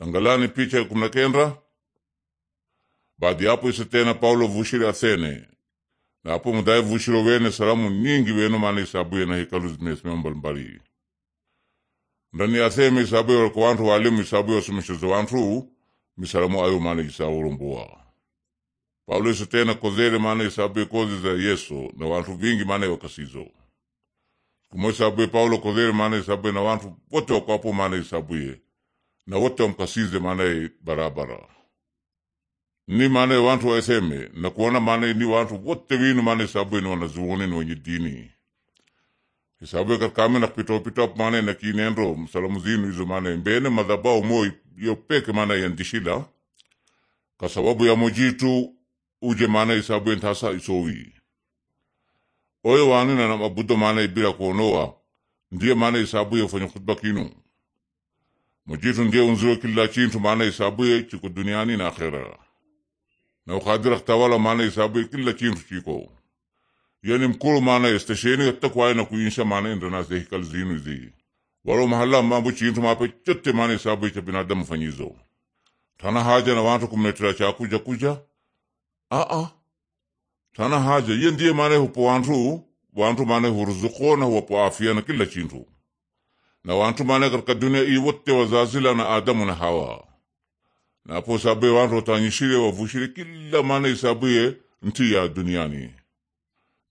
Angalani picha ya kumi na kenda baadi yapo ise tena Paulo vushire Athene na apo mudaye vushiro wene salamu nyingi weno maana isabuye na hekalu zimesimama mbalimbali ndani ya Athene isabuye waliko wantu walimu isabuye wasomeshize wantu misalamu ayo maana isaulumbuwa Paulo ise tena kozere maana isabuye kozi za Yesu na wantu vingi maana wakasizo kumo isabuye Paulo kozere maana isabuye na wantu wote wakapo maana isabuye na wote wamkasize maanaye barabara ni maanaye wantu waeseme na kuona maanaye ni wantu wote winu maanaye sabue ni wanazuoni ni wenye dini isabue katkame nakpitopitop maanaye kinendo msalamu zinu izo maanaye mbene madhabao mo yopeke maanaye yandishila kwa sababu ya mojitu uje maanaye isabue ntasa isowi oyo wanina na mabudo maanaye bila kuonoa ndiye maanaye isabue ufanya khutba kinu mujitu nje unziwe kila chintu maana isabuye chiko duniani na akhera na ukadirak tawala maana isabuye kila chintu chiko yani mkulu maana istesheni attakwaya na kuinsha maana indana zehikal zinu zi walo mahala mambo chintu mape chote maana isabuye cha binadamu fanyizo tana haja na wantu kumnetera cha kuja kuja a tana haja ye maana hupo wantu wantu maana huruzukona hupo afia na kila chintu na wantu mana katika dunia iyi wote wazazila na Adamu na Hawa na apo isabuye wantu watanyishire wavushire kila mana isabuye nti ya duniani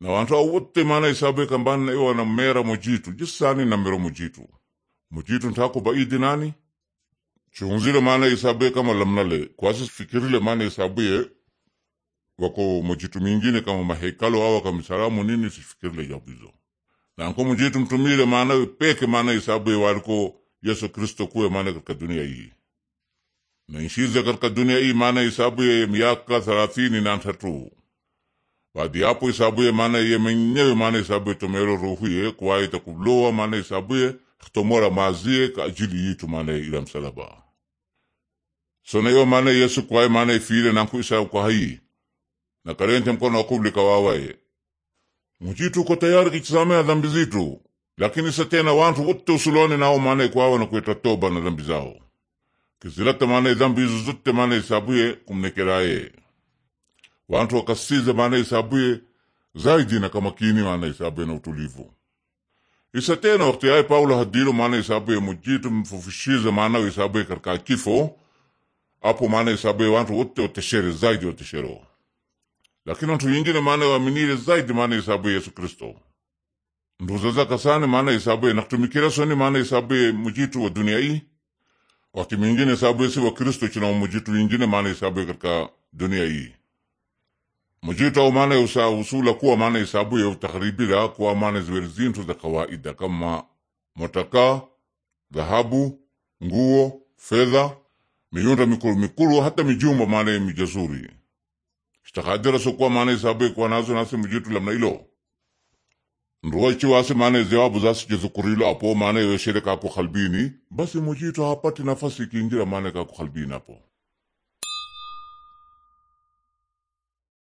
na wantu au wote mana isabuye kambana na iwa na mera mojitu jisani na mero mojitu mojitu ntako baidi nani chunzile mana isabuye kama lamnale kwasi fikirile mana isabuye wako mojitu mingine kama mahekalo awa kamisaramu nini sifikirile jabu hizo nanko jitu mtumile maana peke maana isabu waliko Yesu Kristo kuwe maana katika dunia hii na nshize katika dunia hii maana isabu ye miaka thalathini na tatu baadi yapo isabuye maana ye menyewe maana isabuye tomero ruhuye kuwaye takublowa maana isabuye tomora mazie ka ajili yitu maana ila msalaba yo maana Yesu kuwaye maana ifile na kuisa kwa hai na karente mkono wakubli kawawaye mchitu uko tayari kichisamea dhambi zitu lakini sa tena wantu wote usulone nao maana kwawa na kweta toba na dhambi zao kizilata maana dhambi hizo zote maana isabuye kumnekeraye wantu wakasize maana isabuye zaidi na kamakini maana isabuye na utulivu isa tena wakati yaye Paulo hadilo maana isabuye mujitu mfufishize maana isabuye karka kifo apo maana isabuye wantu wote wateshere zaidi wateshero lakini ntu yingine maana waaminire zaidi maana isabuye yesu kristo nduzazaka sana maana isabuye nakutumikira soni maana isabuye mujitu wa dunia hii wakati mwingine isabuye si wa kristo china mujitu yingine maana isabuye katika dunia hii mujitu au maana usa usula kuwa maana isabuye utakaribira kuwa maana ziweri zintu za kawaida kama motaka dhahabu nguo fedha miyunda mikulu mikulu hata mijumba maana mijazuri shtakadira sokuwa maana isabu ikuwa nazo nasi mjitu lamna ilo nruwa ichi wasi maana jawabu zasi jizukurilo apo maana yeweshere kako khalbini basi mujitu hapati nafasi ikiinjira maana kako kalbini apo